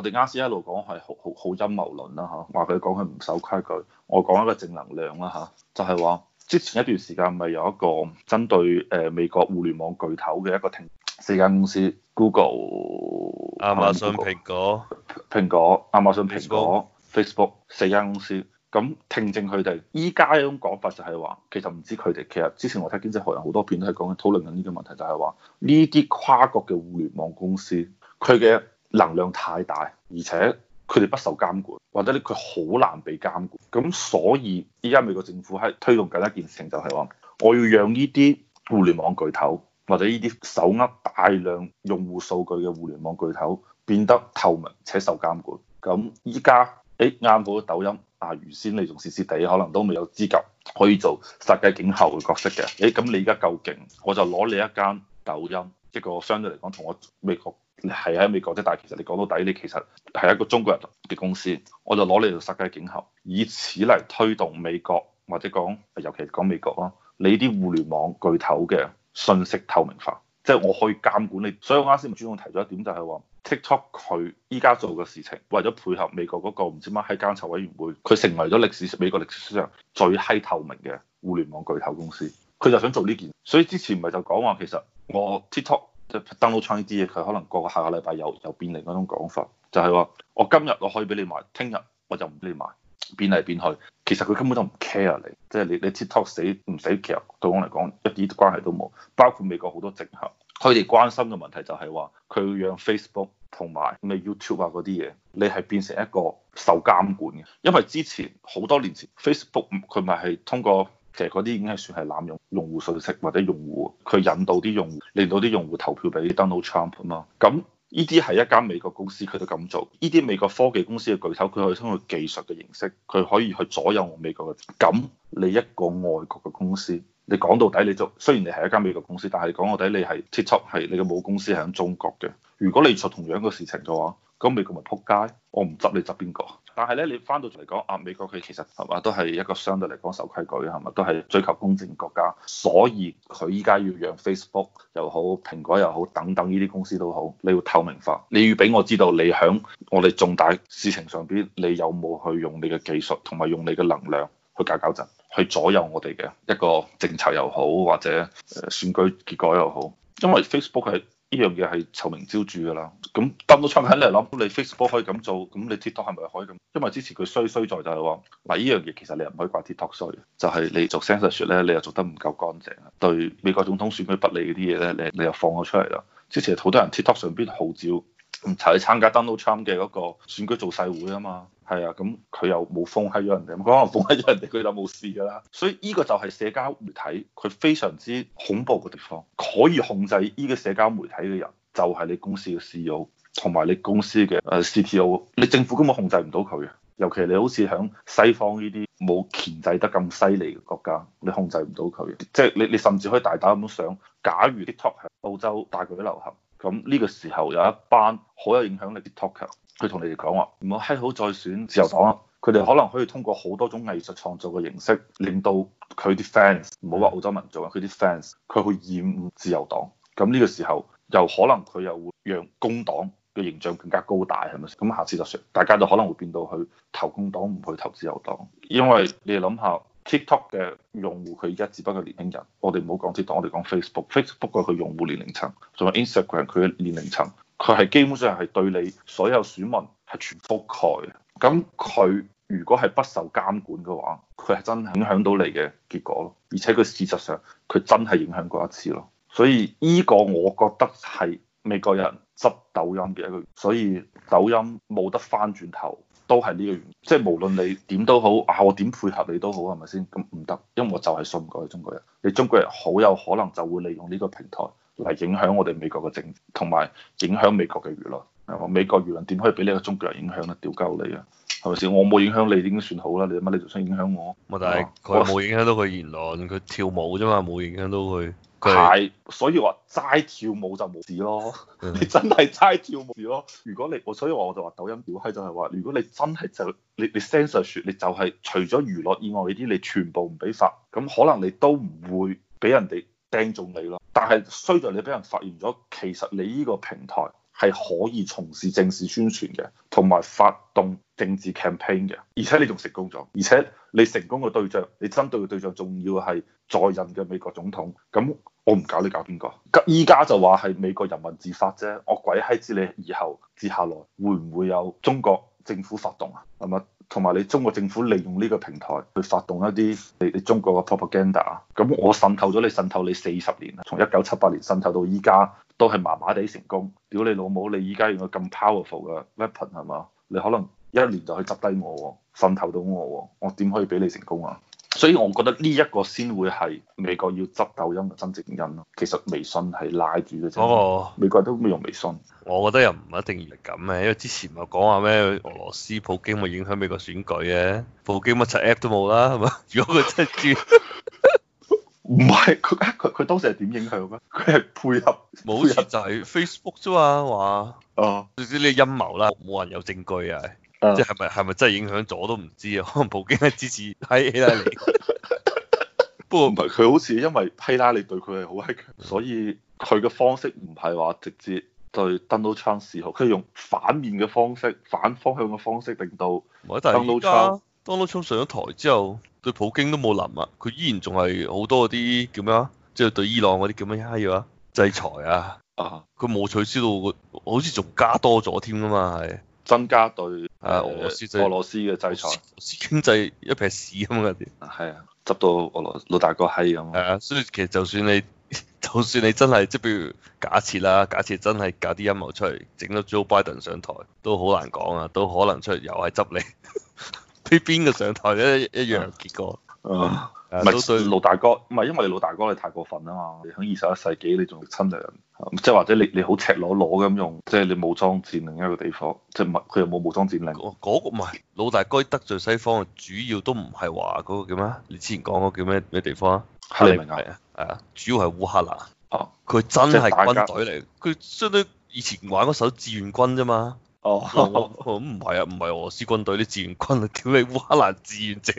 我哋啱先一路講係好好好陰謀論啦嚇，話佢講佢唔守規矩。我講一個正能量啦嚇，就係話之前一段時間咪有一個針對誒美國互聯網巨頭嘅一個停四間公司 Google、亞馬遜、蘋果、蘋果、亞馬遜、蘋果、Facebook 四間公司咁聽證佢哋。依家一種講法就係話，其實唔知佢哋其實之前我睇經濟學人好多片都係講緊討論緊呢個問題就，就係話呢啲跨國嘅互聯網公司佢嘅能量太大，而且佢哋不受監管，或者咧佢好難被監管。咁所以依家美國政府喺推動緊一件事情就係話，我要讓呢啲互聯網巨頭或者呢啲手握大量用戶數據嘅互聯網巨頭變得透明且受監管。咁依家誒啱好抖音啊，原先你仲黐黐地，可能都未有資格可以做殺雞儆猴嘅角色嘅。誒咁你而家夠勁，我就攞你一間抖音一個相對嚟講同我美國。你係喺美國啫，但係其實你講到底，你其實係一個中國人嘅公司，我就攞你做世界鏡頭，以此嚟推動美國，或者講尤其講美國咯，你啲互聯網巨頭嘅信息透明化，即係我可以監管你。所以我啱先咪主動提咗一點，就係話 TikTok 佢依家做嘅事情，為咗配合美國嗰個唔知乜閪監察委員會，佢成為咗歷史美國歷史史上最閪透明嘅互聯網巨頭公司。佢就想做呢件，所以之前唔係就講話其實我 TikTok。即係 download 咗呢啲嘢，佢可能個個下個禮拜又又變另外一種講法，就係話我今日我可以俾你買，聽日我就唔俾你買，變嚟變去，其實佢根本都唔 care 你，即係你你 tiktok 死唔死，其實對我嚟講一啲關係都冇。包括美國好多政客，佢哋關心嘅問題就係話，佢讓 Facebook 同埋咪 YouTube 啊嗰啲嘢，你係變成一個受監管嘅，因為之前好多年前 Facebook 佢咪係通過。其實嗰啲已經係算係濫用用戶信息，或者用戶佢引導啲用戶，令到啲用戶投票俾 Donald Trump 啊嘛。咁呢啲係一間美國公司，佢都咁做。呢啲美國科技公司嘅巨頭，佢可以通過技術嘅形式，佢可以去左右美國嘅。咁你一個外國嘅公司，你講到底你就雖然你係一間美國公司，但係講到底你係 TikTok 係你嘅母公司係喺中國嘅。如果你做同樣嘅事情嘅話，咁美國咪仆街？我唔執你執邊個？但係咧，你翻到嚟講，啊美國佢其實係嘛都係一個相對嚟講守規矩，係嘛都係追求公正國家，所以佢依家要讓 Facebook 又好，蘋果又好，等等呢啲公司都好，你要透明化，你要俾我知道你喺我哋重大事情上邊，你有冇去用你嘅技術同埋用你嘅能量去搞搞震，去左右我哋嘅一個政策又好，或者選舉結果又好，因為 Facebook 係。呢樣嘢係臭名昭著噶啦，咁噉到出緊嚟諗，你 Facebook 可以咁做，咁你 TikTok 係咪可以咁？因為之前佢衰衰在就係話，嗱呢樣嘢其實你又唔可以怪 TikTok 衰，就係、是、你做 censorship 咧，你又做得唔夠乾淨，對美國總統選舉不利嗰啲嘢咧，你你又放咗出嚟啦。之前好多人 TikTok 上邊號召。唔查佢參加 Donald Trump 嘅嗰個選舉造勢會啊嘛，係啊，咁佢又冇封閪咗人哋，咁可能封閪咗人哋，佢就冇事噶啦。所以呢個就係社交媒體佢非常之恐怖嘅地方，可以控制呢個社交媒體嘅人，就係、是、你公司嘅 C E O 同埋你公司嘅誒 C T O。你政府根本控制唔到佢嘅，尤其你好似響西方呢啲冇鉗制得咁犀利嘅國家，你控制唔到佢嘅，即、就、係、是、你你甚至可以大膽咁想，假如 TikTok 喺澳洲大舉流行。咁呢個時候有一班好有影響力嘅 talker，佢同你哋講話唔好喺好再選自由黨啊，佢哋可能可以通過好多種藝術創造嘅形式，令到佢啲 fans 唔好話澳洲民族啊，佢啲 fans 佢會厭惡自由黨。咁呢個時候又可能佢又會讓工黨嘅形象更加高大係咪？咁下次就説，大家都可能會變到去投工黨唔去投自由黨，因為你哋諗下。TikTok 嘅用戶佢而家只不過年輕人，我哋唔好講 TikTok，我哋講 Facebook，Facebook 佢用戶年齡層，仲有 Instagram 佢嘅年齡層，佢係基本上係對你所有選民係全覆蓋。咁佢如果係不受監管嘅話，佢係真係影響到你嘅結果咯。而且佢事實上佢真係影響過一次咯。所以呢個我覺得係美國人執抖音嘅一個，所以抖音冇得返轉頭。都係呢個原因，即係無論你點都好，啊我點配合你都好，係咪先？咁唔得，因為我就係信唔過你中國人，你中國人好有可能就會利用呢個平台嚟影響我哋美國嘅政，同埋影響美國嘅輿論，係嘛？美國輿論點可以俾你個中國人影響咧？掉鳩你啊，係咪先？我冇影響你已經算好啦，你乜你仲想影響我？嘛，但係佢冇影響到佢言論，佢我跳舞啫嘛，冇影響到佢。係，對 所以話齋跳舞就冇事咯。是的 你真係齋跳舞咯。如果你我，所以我就話抖音屌閪就係話，如果你真係就你你 censorship 你就係除咗娛樂以外呢啲，你全部唔俾發。咁可能你都唔會俾人哋釘中你咯。但係衰在你俾人發現咗，其實你呢個平台，係可以從事政治宣傳嘅，同埋發動政治 campaign 嘅，而且你仲成功咗，而且你成功嘅對象，你針對嘅對象，仲要係在任嘅美國總統。咁我唔搞你搞邊個？依家就話係美國人民自發啫，我鬼閪知你以後接下來會唔會有中國政府發動啊？係咪？同埋你中國政府利用呢個平台去發動一啲你你中國嘅 propaganda，咁我滲透咗你，滲透你四十年啦，從一九七八年滲透到依家都係麻麻地成功。屌你老母，你依家用咁 powerful 嘅 weapon 係嘛？你可能一年就可以執低我，滲透到我，我點可以俾你成功啊？所以我覺得呢一個先會係美國要執抖音嘅真正因咯，其實微信係拉住嘅啫。嗰美國人都冇用微信。哦。我覺得又唔一定係咁嘅，因為之前咪講話咩？俄羅斯普京咪影響美國選舉嘅，普京乜柒 app 都冇啦，係咪？如果佢真係知，唔係佢佢佢當時係點影響嘅？佢係配合冇設計 Facebook 啫嘛話。哦，總之呢啲陰謀啦，冇人有證據啊。即係咪係咪真係影響咗都唔知啊？可能普京係支持希拉里， 不過唔係佢好似因為希拉里對佢係好嘿強，嗯、所以佢嘅方式唔係話直接對 Donald Trump 示好，佢用反面嘅方式，反方向嘅方式，令到。但係依家 Donald Trump 上咗台之後，對普京都冇林啊，佢依然仲係好多嗰啲叫咩啊？即係對伊朗嗰啲叫咩閪嘢啊？制裁啊！啊，佢冇取消到，好似仲加多咗添噶嘛係。增加對俄羅斯俄羅斯嘅制裁，俄，俄羅斯經濟一撇屎咁嘅。係啊，執、啊、到俄羅老大哥閪咁。係啊，所以其實就算你，就算你真係即係，譬如假設啦，假設真係搞啲陰謀出嚟，整到 Joe Biden 上台，都好難講啊，都可能出嚟又係執你，俾邊個上台一一樣、嗯、結果。嗯。唔係都老大哥，唔係因為老大哥你太過分啊嘛！你喺二十一世紀你仲要侵略，即係或者你你好赤裸裸咁用，即係你武裝佔另一個地方，即係唔係佢又冇武裝佔領。嗰個唔係老大哥得罪西方，主要都唔係話嗰個叫咩？你之前講嗰、嗰個叫咩咩地方啊？係咪啊？係啊，主要係烏克蘭。哦、啊，佢真係軍隊嚟，佢相對以前玩嗰首志願軍啫嘛。哦，咁唔係啊，唔係俄羅斯軍隊啲志願軍啊，叫你烏克蘭志願者。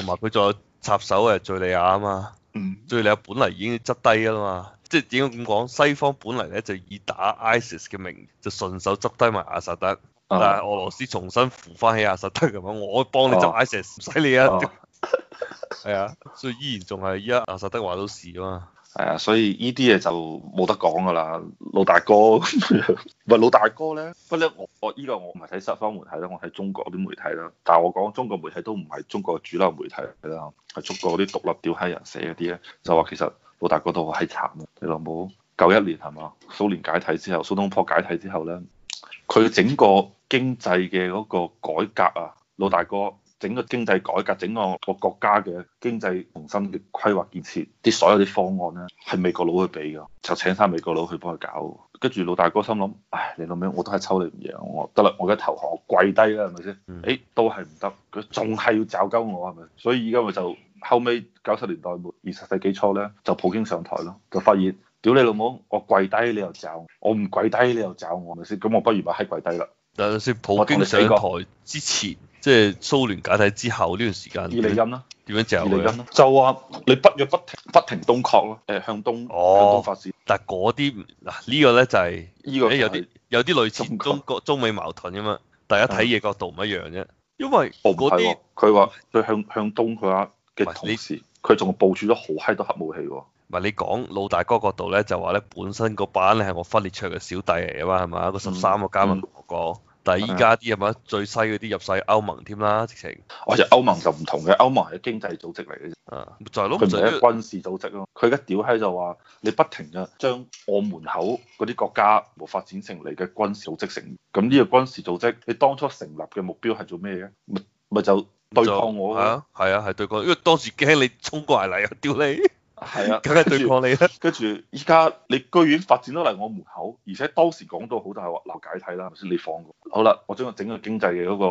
同埋佢再插手啊，敘利亞啊嘛，敘、嗯、利亞本嚟已經執低啊嘛，即係點解咁講，西方本嚟咧就以打 ISIS 嘅名，就順手執低埋阿薩德，啊、但係俄羅斯重新扶翻起阿薩德咁樣，我幫你執 ISIS 唔使你啊，係啊，啊， 啊，所以依然仲係依家阿薩德話到事啊嘛。係啊，所以呢啲嘢就冇得講噶啦，老大哥咁，唔係老大哥咧，不咧我我依個我唔係睇西方媒體啦，我睇中國啲媒體啦，但係我講中國媒體都唔係中國主流媒體嚟啦，係中國嗰啲獨立屌閪人寫嗰啲咧，就話其實老大哥都好閪慘啊，你有冇？九一年係嘛？蘇聯解體之後，蘇東坡解體之後咧，佢整個經濟嘅嗰個改革啊，老大哥。整個經濟改革，整個個國家嘅經濟重新嘅規劃建設，啲所有啲方案咧，係美國佬去俾嘅，就請晒美國佬去幫佢搞。跟住老大哥心諗，唉，你老母我都係抽你唔贏我，我得啦，我而家投降我跪低啦，係咪先？誒，都係唔得，佢仲係要找鳩我係咪？所以而家咪就後尾九十年代末二十世紀初咧，就普京上台咯，就發現，屌你老母，我跪低你又找我，唔跪低你又找我，係咪先？咁我不如把閪跪低啦。是是是是，但係先普京上台之前。即係蘇聯解體之後呢段時間，伊利欽啦，點樣就係伊利欽咯，就話你不若不停不停東擴咯，誒向東哦，發展，但係嗰啲嗱呢個咧就係呢個有啲有啲類似中國中美矛盾吖嘛。大家睇嘢角度唔一樣啫，因為嗰啲佢話佢向向東佢話嘅同時，佢仲部署咗好閪多核武器喎，唔係你講老大哥角度咧，就話咧本身個班咧係我分裂出嚟嘅小弟嚟嘅嘛係嘛，一個十三個加盟國。嗱，依家啲係咪最細嗰啲入曬歐盟添啦？直情，或者歐盟就唔同嘅，歐盟係經濟組織嚟嘅啊，就係咯，佢就係軍事組織咯。佢而家屌閪就話，你不停啊，將我門口嗰啲國家冇發展成你嘅軍事組織成。咁呢個軍事組織，你當初成立嘅目標係做咩嘅？咪咪就對抗我啊！係啊，係對抗，因為當時驚你衝過嚟嚟啊，屌你！係啊，梗係對抗你啦。跟住依家你居然發展到嚟我門口，而且當時講到好大話留解體啦，係咪先？你放過好啦，我將個整個經濟嘅嗰、那個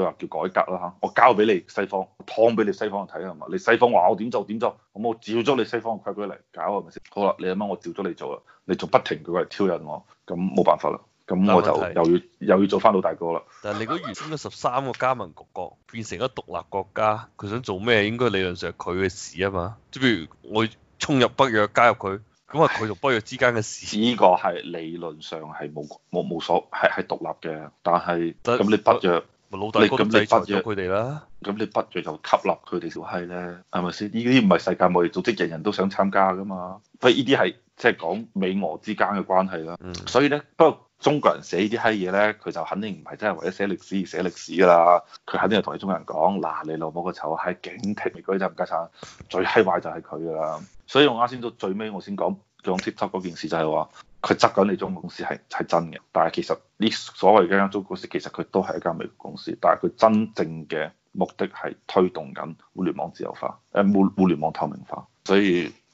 佢話叫改革啦嚇，我交俾你西方，劏俾你西方去睇係咪？你西方話我點做點做，咁我，我照咗你西方嘅規矩嚟搞係咪先？好啦，你阿媽我照咗你做啦，你仲不停佢嚟挑釁我，咁冇辦法啦。咁、嗯、我就又要又要做翻老大哥啦。但係你如果原先嗰十三個加盟國變成一獨立國家，佢想做咩？應該理論上係佢嘅事啊嘛。即係譬如我衝入北約加入佢，咁啊佢同北約之間嘅事，呢個係理論上係冇冇冇所謂，係係獨立嘅。但係咁但你北約，那那你咁你北約佢哋啦，咁你北約就吸納佢哋小蝦咧，係咪先？呢啲唔係世界貿易組織，人人，人都想參加㗎嘛。所以呢啲係。即係講美俄之間嘅關係啦，所以咧，不過中國人寫呢啲閪嘢咧，佢就肯定唔係真係為咗寫歷史而寫歷史噶啦，佢肯定係同、啊、你，你中國人講，嗱你老母個臭喺警惕舉止唔該曬，最閪壞就係佢噶啦，所以我啱先到最尾我先講講 TikTok 嗰件事就係話，佢執緊中國公司係係真嘅，但係其實呢所謂嘅呢間公司其實佢都係一間美國公司，但係佢真正嘅目的係推動緊互聯網自由化，誒互互聯網透明化，所以。